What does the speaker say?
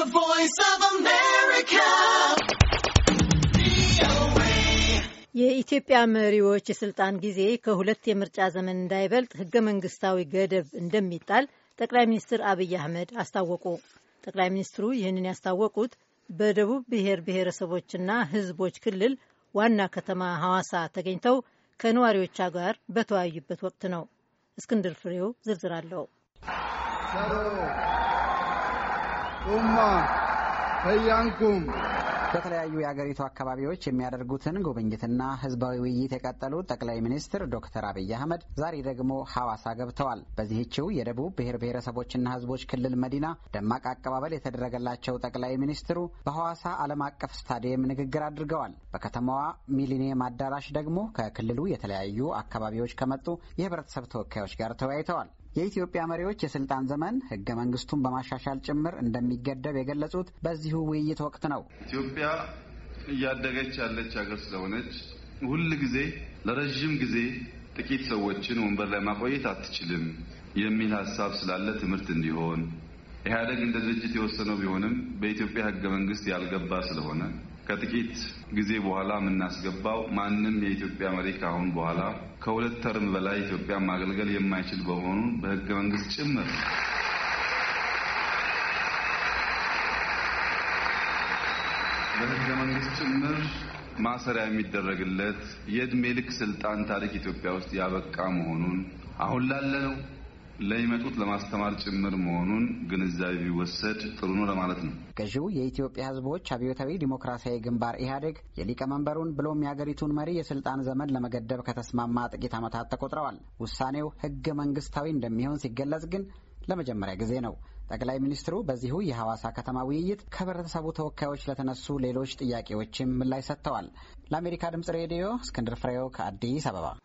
The Voice of America. የኢትዮጵያ መሪዎች የስልጣን ጊዜ ከሁለት የምርጫ ዘመን እንዳይበልጥ ህገ መንግስታዊ ገደብ እንደሚጣል ጠቅላይ ሚኒስትር አብይ አህመድ አስታወቁ። ጠቅላይ ሚኒስትሩ ይህንን ያስታወቁት በደቡብ ብሔር ብሔረሰቦችና ህዝቦች ክልል ዋና ከተማ ሐዋሳ ተገኝተው ከነዋሪዎቿ ጋር በተወያዩበት ወቅት ነው። እስክንድር ፍሬው ዝርዝር አለው። ኡማ ከያንኩም በተለያዩ የአገሪቱ አካባቢዎች የሚያደርጉትን ጉብኝትና ህዝባዊ ውይይት የቀጠሉት ጠቅላይ ሚኒስትር ዶክተር አብይ አህመድ ዛሬ ደግሞ ሐዋሳ ገብተዋል። በዚህችው የደቡብ ብሔር ብሔረሰቦችና ህዝቦች ክልል መዲና ደማቅ አቀባበል የተደረገላቸው ጠቅላይ ሚኒስትሩ በሐዋሳ ዓለም አቀፍ ስታዲየም ንግግር አድርገዋል። በከተማዋ ሚሊኒየም አዳራሽ ደግሞ ከክልሉ የተለያዩ አካባቢዎች ከመጡ የህብረተሰብ ተወካዮች ጋር ተወያይተዋል። የኢትዮጵያ መሪዎች የስልጣን ዘመን ህገ መንግስቱን በማሻሻል ጭምር እንደሚገደብ የገለጹት በዚሁ ውይይት ወቅት ነው። ኢትዮጵያ እያደገች ያለች ሀገር ስለሆነች ሁል ጊዜ ለረዥም ጊዜ ጥቂት ሰዎችን ወንበር ላይ ማቆየት አትችልም የሚል ሀሳብ ስላለ ትምህርት እንዲሆን ኢህአደግ እንደ ድርጅት የወሰነው ቢሆንም በኢትዮጵያ ህገ መንግስት ያልገባ ስለሆነ ከጥቂት ጊዜ በኋላ የምናስገባው ማንም የኢትዮጵያ መሪ ካሁን በኋላ ከሁለት ተርም በላይ ኢትዮጵያ ማገልገል የማይችል በመሆኑን በህገ መንግስት ጭምር በህገ መንግስት ጭምር ማሰሪያ የሚደረግለት የእድሜ ልክ ስልጣን ታሪክ ኢትዮጵያ ውስጥ ያበቃ መሆኑን አሁን ላለነው ለሚመጡት ለማስተማር ጭምር መሆኑን ግንዛቤ ቢወሰድ ጥሩ ነው ለማለት ነው። ገዢው የኢትዮጵያ ሕዝቦች አብዮታዊ ዲሞክራሲያዊ ግንባር ኢህአዴግ የሊቀመንበሩን ብሎም የአገሪቱን መሪ የስልጣን ዘመን ለመገደብ ከተስማማ ጥቂት ዓመታት ተቆጥረዋል። ውሳኔው ህገ መንግስታዊ እንደሚሆን ሲገለጽ ግን ለመጀመሪያ ጊዜ ነው። ጠቅላይ ሚኒስትሩ በዚሁ የሐዋሳ ከተማ ውይይት ከህብረተሰቡ ተወካዮች ለተነሱ ሌሎች ጥያቄዎችም ምላሽ ሰጥተዋል። ለአሜሪካ ድምጽ ሬዲዮ እስክንድር ፍሬው ከአዲስ አበባ